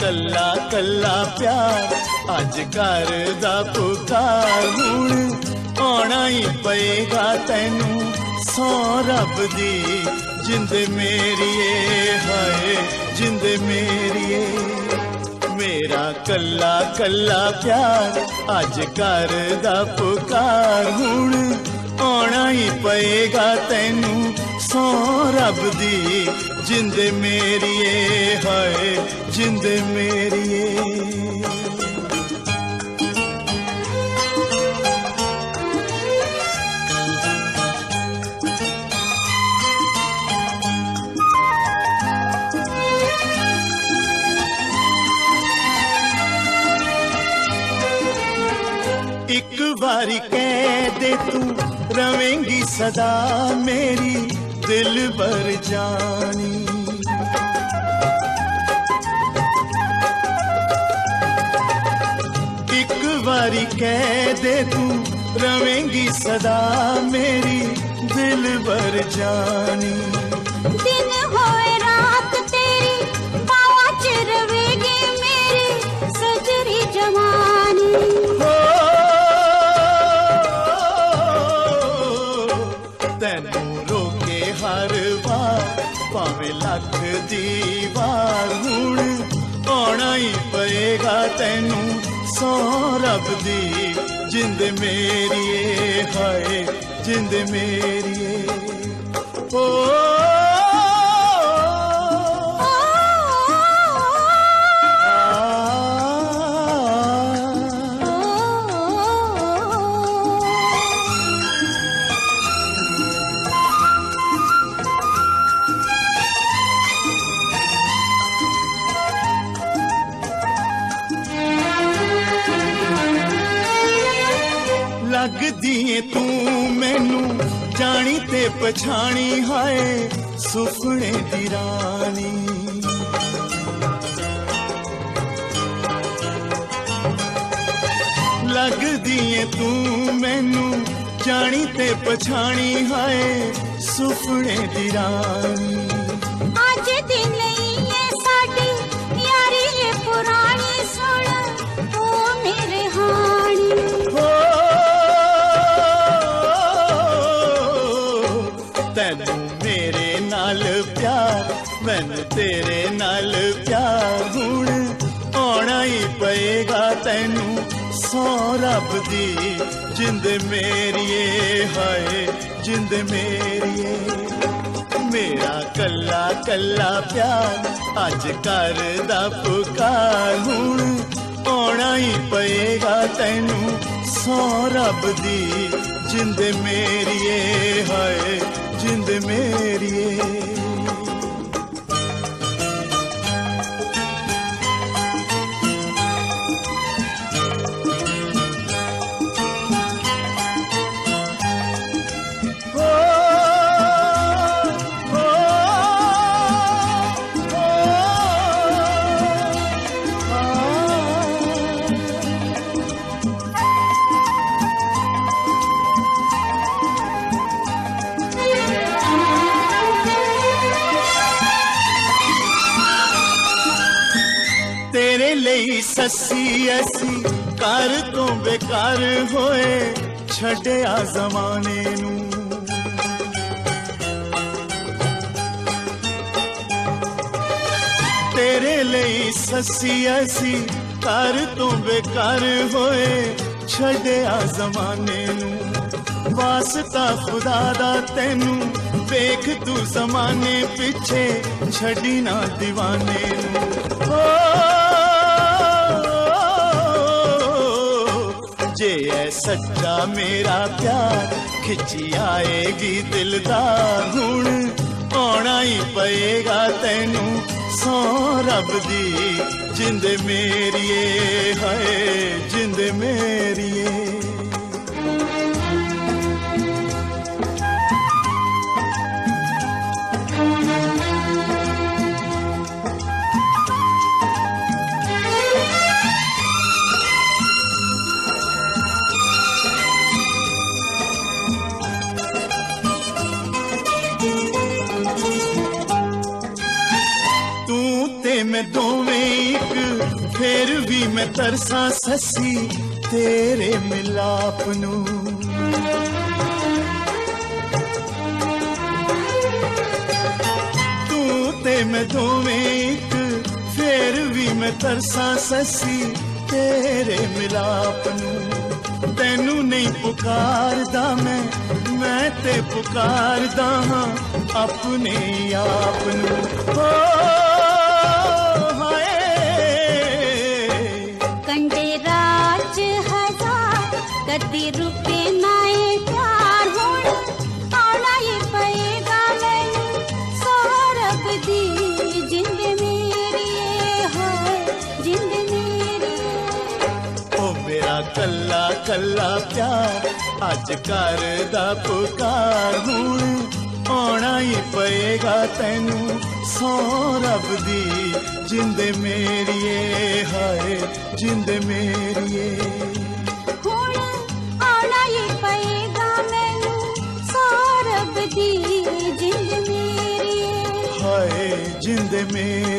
ਕੱਲਾ ਕੱਲਾ ਪਿਆਰ ਅੱਜ ਕਰਦਾ ਪੁਕਾਰ ਹੁਣ ਆਉਣਾ ਹੀ ਪਏਗਾ ਤੈਨੂੰ ਸੋ ਰੱਬ ਦੀ ਜਿੰਦ ਮੇਰੀਏ ਹਾਏ ਜਿੰਦ ਮੇਰੀਏ ਤੇਰਾ ਕੱਲਾ ਕੱਲਾ ਪਿਆਰ ਅੱਜ ਘਰ ਦਾ ਪੁਕਾਰ ਹੁਣ ਆਉਣਾ ਹੀ ਪਏਗਾ ਤੈਨੂੰ ਸੋ ਰੱਬ ਦੀ ਜਿੰਦ ਮੇਰੀਏ ਹਾਏ ਜਿੰਦ ਮੇਰੀਏ ਸਾਰੀ ਕਹਿ ਤੂੰ ਰਵੇਂਗੀ ਸਦਾ ਮੇਰੀ ਦਿਲ ਭਰ ਜਾਨੀ ਇੱਕ ਵਾਰੀ ਕਹਿ ਦੇ ਤੂੰ ਰਵੇਂਗੀ ਸਦਾ ਮੇਰੀ ਦਿਲ ਭਰ ਜਾਨੀ ਦੀਵਾਰ ਹੁਣ ਆਉਣਾ ਹੀ ਪਏਗਾ ਤੈਨੂੰ ਸੋ ਰੱਬ ਦੀ ਜਿੰਦ ਮੇਰੀਏ ਹਾਏ ਜਿੰਦ ਮੇਰੀਏ ਓ ਜੀਏ ਤੂੰ ਮੈਨੂੰ ਜਾਣੀ ਤੇ ਪਛਾਣੀ ਹਾਏ ਸੁਪਨੇ ਦੀ ਰਾਣੀ ਲੱਗਦੀ ਏ ਤੂੰ ਮੈਨੂੰ ਜਾਣੀ ਤੇ ਪਛਾਣੀ ਹਾਏ ਸੁਪਨੇ ਦੀ ਰਾਣੀ ਅੱਜ ਲੈ ਸੋ ਰੱਬ ਦੀ ਜਿੰਦ ਮੇਰੀਏ ਹਾਏ ਜਿੰਦ ਮੇਰੀਏ ਮੇਰਾ ਕੱਲਾ ਕੱਲਾ ਪਿਆਰ ਅੱਜ ਕਰਦਾ ਪੁਕਾਰ ਹੁਣ ਆਉਣਾ ਹੀ ਪਏਗਾ ਤੈਨੂੰ ਸੋ ਰੱਬ ਦੀ ਜਿੰਦ ਮੇਰੀਏ ਹਾਏ ਜਿੰਦ ਮੇਰੀਏ ਲਈ ਸੱਸੀ ਐਸੀ ਕਰ ਤੋਂ ਬੇਕਾਰ ਹੋਏ ਛੱਡਿਆ ਜ਼ਮਾਨੇ ਨੂੰ ਤੇਰੇ ਲਈ ਸੱਸੀ ਐਸੀ ਕਰ ਤੋਂ ਬੇਕਾਰ ਹੋਏ ਛੱਡਿਆ ਜ਼ਮਾਨੇ ਨੂੰ ਵਾਸਤਾ ਖੁਦਾ ਦਾ ਤੈਨੂੰ ਵੇਖ ਤੂੰ ਜ਼ਮਾਨੇ ਪਿੱਛੇ ਛੱਡੀ ਨਾ دیਵਾਨੇ ਨੂੰ ਓ ਏ ਸੱਚਾ ਮੇਰਾ ਪਿਆਰ ਖਿੱਚੀ ਆਏਗੀ ਦਿਲ ਦਾ ਗੁਣ ਆਉਣਾ ਹੀ ਪਏਗਾ ਤੈਨੂੰ ਸੋ ਰੱਬ ਦੀ ਜਿੰਦ ਮੇਰੀਏ ਹਾਏ ਜਿੰਦ ਮੇਰੀਏ ਇੱਕ ਫੇਰ ਵੀ ਮੈਂ ਤਰਸਾਂ ਸੱਸੀ ਤੇਰੇ ਮਿਲਾਪ ਨੂੰ ਤੂੰ ਤੇ ਮੈਂ ਦੋਵੇਂ ਇੱਕ ਫੇਰ ਵੀ ਮੈਂ ਤਰਸਾਂ ਸੱਸੀ ਤੇਰੇ ਮਿਲਾਪ ਨੂੰ ਤੈਨੂੰ ਨਹੀਂ ਪੁਕਾਰਦਾ ਮੈਂ ਮੈਂ ਤੇ ਪੁਕਾਰਦਾ ਹਾਂ ਆਪਣੇ ਆਪ ਨੂੰ ਕੱਲਾ ਕੱਲਾ ਪਿਆਰ ਅੱਜ ਕਰਦਾ ਦਾ ਪੁਕਾਰ ਹੁਣ ਆਉਣਾ ਹੀ ਪਏਗਾ ਤੈਨੂੰ ਸੋ ਰੱਬ ਦੀ ਜਿੰਦ ਮੇਰੀਏ ਹਾਏ ਜਿੰਦ ਮੇਰੀਏ ਹੁਣ ਆਉਣਾ ਹੀ ਪਏਗਾ ਮੈਨੂੰ ਸੋ ਰੱਬ ਦੀ ਜਿੰਦ ਮੇਰੀਏ ਹਾਏ ਜਿੰਦ ਮੇਰੀ